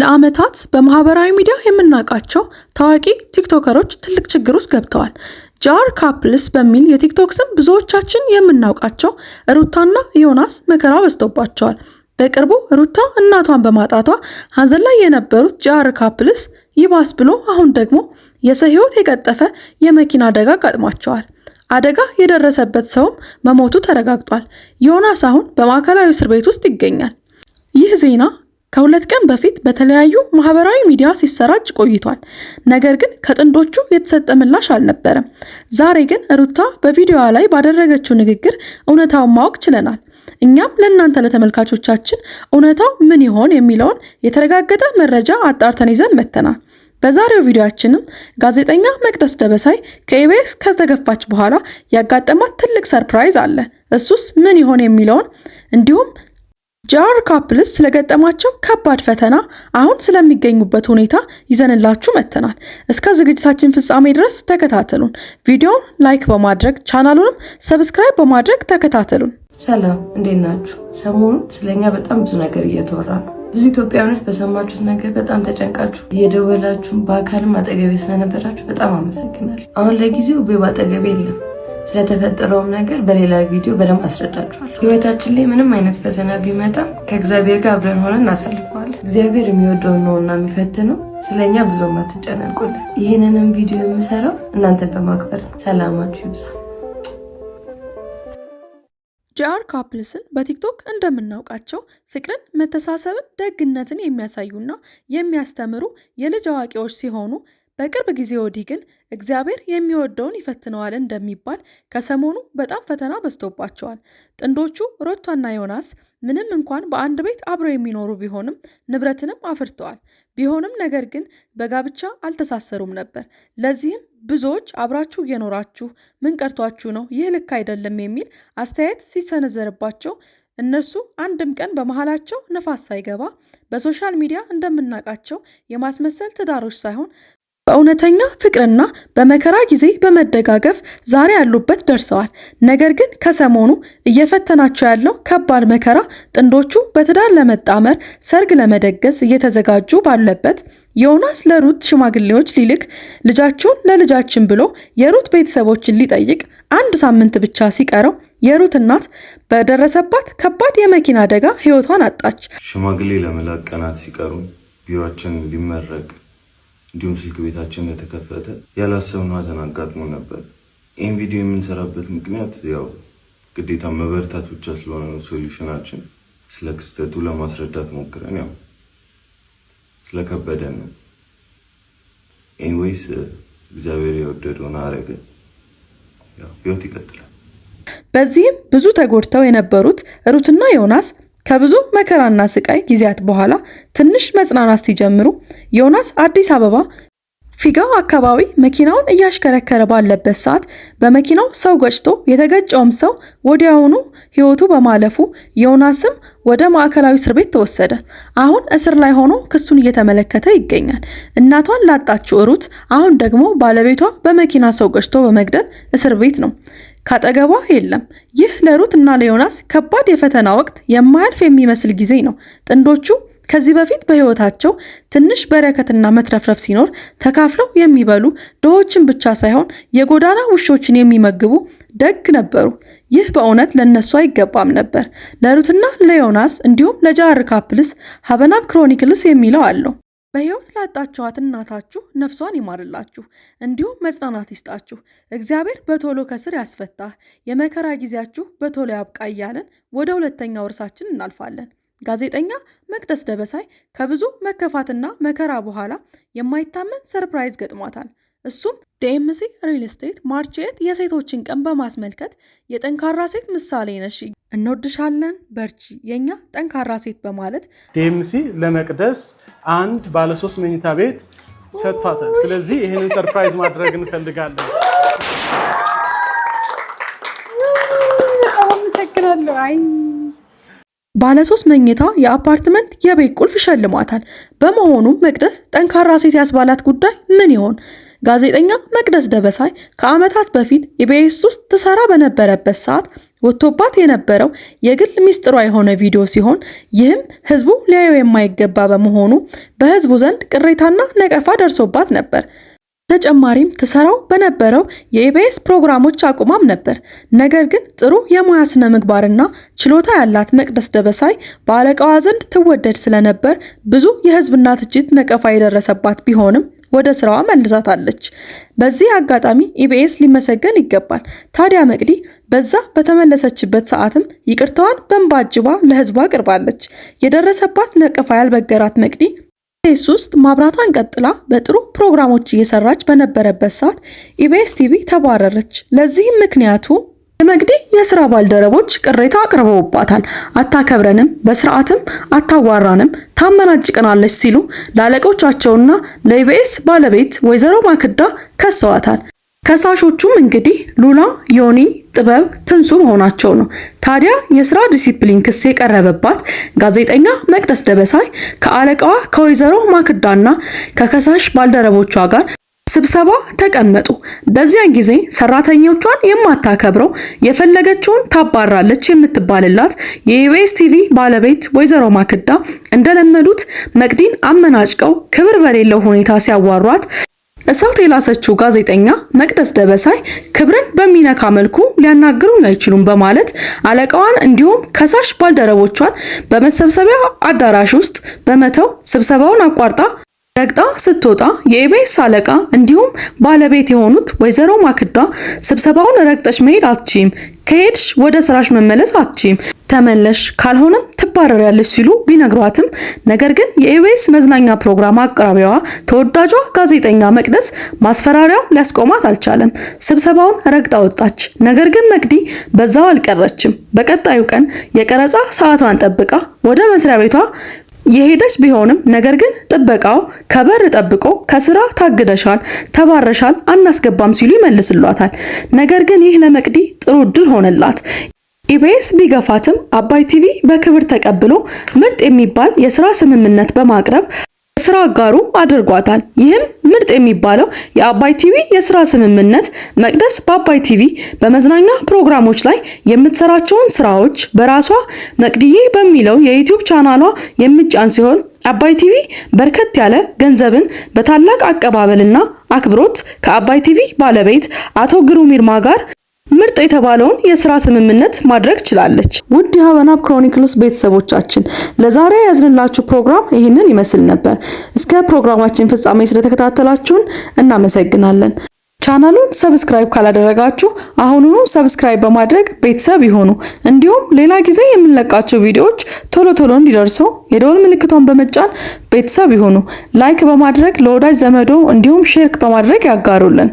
ለዓመታት በማህበራዊ ሚዲያ የምናውቃቸው ታዋቂ ቲክቶከሮች ትልቅ ችግር ውስጥ ገብተዋል። ጃር ካፕልስ በሚል የቲክቶክ ስም ብዙዎቻችን የምናውቃቸው ሩታና ዮናስ መከራ በዝቶባቸዋል። በቅርቡ ሩታ እናቷን በማጣቷ ሀዘን ላይ የነበሩት ጃር ካፕልስ ይባስ ብሎ አሁን ደግሞ የሰው የቀጠፈ የመኪና አደጋ አጋጥሟቸዋል። አደጋ የደረሰበት ሰውም መሞቱ ተረጋግጧል። ዮናስ አሁን በማዕከላዊ እስር ቤት ውስጥ ይገኛል። ይህ ዜና ከሁለት ቀን በፊት በተለያዩ ማህበራዊ ሚዲያ ሲሰራጭ ቆይቷል። ነገር ግን ከጥንዶቹ የተሰጠ ምላሽ አልነበረም። ዛሬ ግን ሩታ በቪዲዮዋ ላይ ባደረገችው ንግግር እውነታውን ማወቅ ችለናል። እኛም ለእናንተ ለተመልካቾቻችን እውነታው ምን ይሆን የሚለውን የተረጋገጠ መረጃ አጣርተን ይዘን መጥተናል። በዛሬው ቪዲዮአችንም ጋዜጠኛ መቅደስ ደበሳይ ከኢቢኤስ ከተገፋች በኋላ ያጋጠማት ትልቅ ሰርፕራይዝ አለ። እሱስ ምን ይሆን የሚለውን እንዲሁም ጃር ካፕልስ ስለገጠማቸው ከባድ ፈተና አሁን ስለሚገኙበት ሁኔታ ይዘንላችሁ መጥተናል። እስከ ዝግጅታችን ፍጻሜ ድረስ ተከታተሉን። ቪዲዮውን ላይክ በማድረግ ቻናሉንም ሰብስክራይብ በማድረግ ተከታተሉን። ሰላም፣ እንዴት ናችሁ? ሰሞኑን ስለኛ በጣም ብዙ ነገር እየተወራ ነው። ብዙ ኢትዮጵያውያኖች በሰማችሁት ነገር በጣም ተጨንቃችሁ እየደወላችሁ በአካልም አጠገቤ ስለነበራችሁ በጣም አመሰግናለሁ። አሁን ለጊዜው ቤባ አጠገቤ የለም ስለተፈጠረውም ነገር በሌላ ቪዲዮ በደንብ አስረዳችኋለሁ። ህይወታችን ላይ ምንም አይነት ፈተና ቢመጣም ከእግዚአብሔር ጋር አብረን ሆነን እናሳልፈዋለን። እግዚአብሔር የሚወደውን ነውና የሚፈትነው። ስለኛ ብዙም አትጨነቁልን። ይህንንም ቪዲዮ የምሰራው እናንተን በማክበር ሰላማችሁ ይብዛ። ጂአር ካፕልስን በቲክቶክ እንደምናውቃቸው ፍቅርን፣ መተሳሰብን፣ ደግነትን የሚያሳዩና የሚያስተምሩ የልጅ አዋቂዎች ሲሆኑ በቅርብ ጊዜ ወዲህ ግን እግዚአብሔር የሚወደውን ይፈትነዋል እንደሚባል ከሰሞኑ በጣም ፈተና በዝቶባቸዋል። ጥንዶቹ ሮቷና ዮናስ ምንም እንኳን በአንድ ቤት አብረው የሚኖሩ ቢሆንም ንብረትንም አፍርተዋል። ቢሆንም ነገር ግን በጋብቻ አልተሳሰሩም ነበር። ለዚህም ብዙዎች አብራችሁ እየኖራችሁ ምን ቀርቷችሁ ነው? ይህ ልክ አይደለም የሚል አስተያየት ሲሰነዘርባቸው እነርሱ አንድም ቀን በመሃላቸው ነፋስ ሳይገባ በሶሻል ሚዲያ እንደምናውቃቸው የማስመሰል ትዳሮች ሳይሆን በእውነተኛ ፍቅርና በመከራ ጊዜ በመደጋገፍ ዛሬ ያሉበት ደርሰዋል። ነገር ግን ከሰሞኑ እየፈተናቸው ያለው ከባድ መከራ ጥንዶቹ በትዳር ለመጣመር ሰርግ ለመደገስ እየተዘጋጁ ባለበት ዮናስ ለሩት ሽማግሌዎች ሊልክ ልጃችሁን ለልጃችን ብሎ የሩት ቤተሰቦችን ሊጠይቅ አንድ ሳምንት ብቻ ሲቀረው የሩት እናት በደረሰባት ከባድ የመኪና አደጋ ሕይወቷን አጣች። ሽማግሌ ለመላክ ቀናት ሲቀሩ ቢሮችን ሊመረቅ እንዲሁም ስልክ ቤታችን የተከፈተ ያላሰብነው ሀዘን አጋጥሞ ነበር። ይህን ቪዲዮ የምንሰራበት ምክንያት ያው ግዴታ መበርታት ብቻ ስለሆነ ነው። ሶሉሽናችን ስለ ክስተቱ ለማስረዳት ሞክረን ያው ስለከበደን ነው። ኤኒዌይስ እግዚአብሔር የወደደውን አረገ። ህይወት ይቀጥላል። በዚህም ብዙ ተጎድተው የነበሩት ሩትና ዮናስ ከብዙ መከራና ስቃይ ጊዜያት በኋላ ትንሽ መጽናናት ሲጀምሩ ዮናስ አዲስ አበባ ፊጋው አካባቢ መኪናውን እያሽከረከረ ባለበት ሰዓት በመኪናው ሰው ገጭቶ የተገጨውም ሰው ወዲያውኑ ሕይወቱ በማለፉ ዮናስም ወደ ማዕከላዊ እስር ቤት ተወሰደ። አሁን እስር ላይ ሆኖ ክሱን እየተመለከተ ይገኛል። እናቷን ላጣችው ሩት አሁን ደግሞ ባለቤቷ በመኪና ሰው ገጭቶ በመግደል እስር ቤት ነው። ካጠገቧ የለም። ይህ ለሩት እና ለዮናስ ከባድ የፈተና ወቅት የማያልፍ የሚመስል ጊዜ ነው። ጥንዶቹ ከዚህ በፊት በሕይወታቸው ትንሽ በረከትና መትረፍረፍ ሲኖር ተካፍለው የሚበሉ ድሆችን ብቻ ሳይሆን የጎዳና ውሾችን የሚመግቡ ደግ ነበሩ። ይህ በእውነት ለእነሱ አይገባም ነበር። ለሩትና ለዮናስ እንዲሁም ለጃር ካፕልስ ሀበናብ ክሮኒክልስ የሚለው አለው በሕይወት ላጣችኋት እናታችሁ ነፍሷን ይማርላችሁ፣ እንዲሁም መጽናናት ይስጣችሁ። እግዚአብሔር በቶሎ ከስር ያስፈታ የመከራ ጊዜያችሁ በቶሎ ያብቃ እያለን ወደ ሁለተኛው እርሳችን እናልፋለን። ጋዜጠኛ መቅደስ ደበሳይ ከብዙ መከፋትና መከራ በኋላ የማይታመን ሰርፕራይዝ ገጥሟታል። እሱም ዲኤምሲ ሪል ስቴት ማርች ኤት የሴቶችን ቀን በማስመልከት የጠንካራ ሴት ምሳሌ ነሽ እንወድሻለን፣ በርቺ፣ የኛ ጠንካራ ሴት በማለት ዴምሲ ለመቅደስ አንድ ባለሶስት መኝታ ቤት ሰጥቷታል። ስለዚህ ይህንን ሰርፕራይዝ ማድረግ እንፈልጋለን። ባለሶስት መኝታ የአፓርትመንት የቤት ቁልፍ ይሸልሟታል። በመሆኑም መቅደስ ጠንካራ ሴት ያስባላት ጉዳይ ምን ይሆን? ጋዜጠኛ መቅደስ ደበሳይ ከዓመታት በፊት ኢቢኤስ ውስጥ ትሰራ በነበረበት ሰዓት ወጥቶባት የነበረው የግል ሚስጥሯ የሆነ ቪዲዮ ሲሆን ይህም ህዝቡ ሊያዩ የማይገባ በመሆኑ በህዝቡ ዘንድ ቅሬታና ነቀፋ ደርሶባት ነበር። ተጨማሪም ትሰራው በነበረው የኢቢኤስ ፕሮግራሞች አቁማም ነበር። ነገር ግን ጥሩ የሙያ ስነ ምግባርና ችሎታ ያላት መቅደስ ደበሳይ በአለቃዋ ዘንድ ትወደድ ስለነበር ብዙ የህዝብና ትችት ነቀፋ የደረሰባት ቢሆንም ወደ ስራዋ መልሳታለች። በዚህ አጋጣሚ ኢቢኤስ ሊመሰገን ይገባል። ታዲያ መቅዲ በዛ በተመለሰችበት ሰዓትም ይቅርታዋን በእንባ አጅባ ለህዝቡ አቅርባለች። የደረሰባት ነቀፋ ያልበገራት መቅዲ ኢቢኤስ ውስጥ ማብራቷን ቀጥላ በጥሩ ፕሮግራሞች እየሰራች በነበረበት ሰዓት ኢቢኤስ ቲቪ ተባረረች። ለዚህም ምክንያቱ ለመግዲ የስራ ባልደረቦች ቅሬታ አቅርበውባታል። አታከብረንም፣ በስርዓትም አታዋራንም፣ ታመናጭቀናለች ሲሉ ለአለቆቻቸውና ለኢቢኤስ ባለቤት ወይዘሮ ማክዳ ከሰዋታል። ከሳሾቹም እንግዲህ ሉላ፣ ዮኒ፣ ጥበብ፣ ትንሱ መሆናቸው ነው። ታዲያ የስራ ዲሲፕሊን ክስ የቀረበባት ጋዜጠኛ መቅደስ ደበሳይ ከአለቃዋ ከወይዘሮ ማክዳና ከከሳሽ ባልደረቦቿ ጋር ስብሰባ ተቀመጡ። በዚያን ጊዜ ሰራተኞቿን የማታከብረው የፈለገችውን ታባራለች የምትባልላት የኢቢኤስ ቲቪ ባለቤት ወይዘሮ ማክዳ እንደለመዱት መቅዲን አመናጭቀው ክብር በሌለው ሁኔታ ሲያዋሯት እሳት የላሰችው ጋዜጠኛ መቅደስ ደበሳይ ክብርን በሚነካ መልኩ ሊያናግሩኝ አይችሉም በማለት አለቃዋን እንዲሁም ከሳሽ ባልደረቦቿን በመሰብሰቢያ አዳራሽ ውስጥ በመተው ስብሰባውን አቋርጣ ረግጣ ስትወጣ የኢቢኤስ አለቃ እንዲሁም ባለቤት የሆኑት ወይዘሮ ማክዳ ስብሰባውን ረግጠሽ መሄድ አትችም፣ ከሄድሽ ወደ ስራሽ መመለስ አትችም፣ ተመለሽ ካልሆነም ትባረሪያለች ሲሉ ቢነግሯትም ነገር ግን የኢቢኤስ መዝናኛ ፕሮግራም አቅራቢዋ ተወዳጇ ጋዜጠኛ መቅደስ ማስፈራሪያው ሊያስቆማት አልቻለም። ስብሰባውን ረግጣ ወጣች። ነገር ግን መቅዲ በዛው አልቀረችም። በቀጣዩ ቀን የቀረጻ ሰዓቷን ጠብቃ ወደ መስሪያ ቤቷ የሄደች ቢሆንም ነገር ግን ጥበቃው ከበር ጠብቆ ከስራ ታግደሻል፣ ተባረሻል፣ አናስገባም ሲሉ ይመልስሏታል። ነገር ግን ይህ ለመቅዲ ጥሩ እድል ሆነላት። ኢቢኤስ ቢገፋትም አባይ ቲቪ በክብር ተቀብሎ ምርጥ የሚባል የስራ ስምምነት በማቅረብ ስራ አጋሩ አድርጓታል። ይህም ምርጥ የሚባለው የአባይ ቲቪ የስራ ስምምነት መቅደስ በአባይ ቲቪ በመዝናኛ ፕሮግራሞች ላይ የምትሰራቸውን ስራዎች በራሷ መቅድዬ በሚለው የዩቲዩብ ቻናሏ የምጫን ሲሆን አባይ ቲቪ በርከት ያለ ገንዘብን በታላቅ አቀባበልና አክብሮት ከአባይ ቲቪ ባለቤት አቶ ግሩም ይርማ ጋር ምርጥ የተባለውን የስራ ስምምነት ማድረግ ችላለች። ውድ የሀበናብ ክሮኒክልስ ቤተሰቦቻችን ለዛሬ ያዝንላችሁ ፕሮግራም ይህንን ይመስል ነበር። እስከ ፕሮግራማችን ፍጻሜ ስለተከታተላችሁን እናመሰግናለን። ቻናሉን ሰብስክራይብ ካላደረጋችሁ አሁኑኑ ሰብስክራይብ በማድረግ ቤተሰብ ይሆኑ። እንዲሁም ሌላ ጊዜ የምንለቃቸው ቪዲዮዎች ቶሎ ቶሎ እንዲደርሱ የደወል ምልክቷን በመጫን ቤተሰብ ይሆኑ። ላይክ በማድረግ ለወዳጅ ዘመዶ እንዲሁም ሼርክ በማድረግ ያጋሩልን።